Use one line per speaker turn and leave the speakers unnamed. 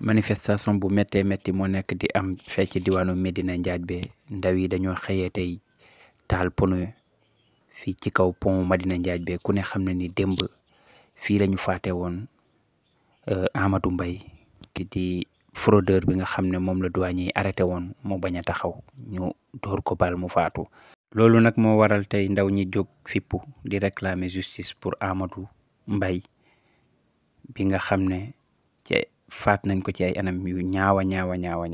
manifestation bu méttee métti moo nekk di am fecc diwaanu Medina Njaaj be ndaw yi dañoo xëyee tey taal pono fii ci kaw pont Madina Njaaj be ku ne xam ne ni démb fii lañu faate woon euh, Amadou mbay ki di fraudeur bi nga xam ne moom la douane yi arrêté woon mu bañ a taxaw ñu door ko mu faatu loolu nag moo waral tey ndaw ñi jóg fippu di réclamer justice pour Amadou Mbaye bi nga xam ne faat nañ
ko ci ay anam yu ñaawa ñaawa ñaawa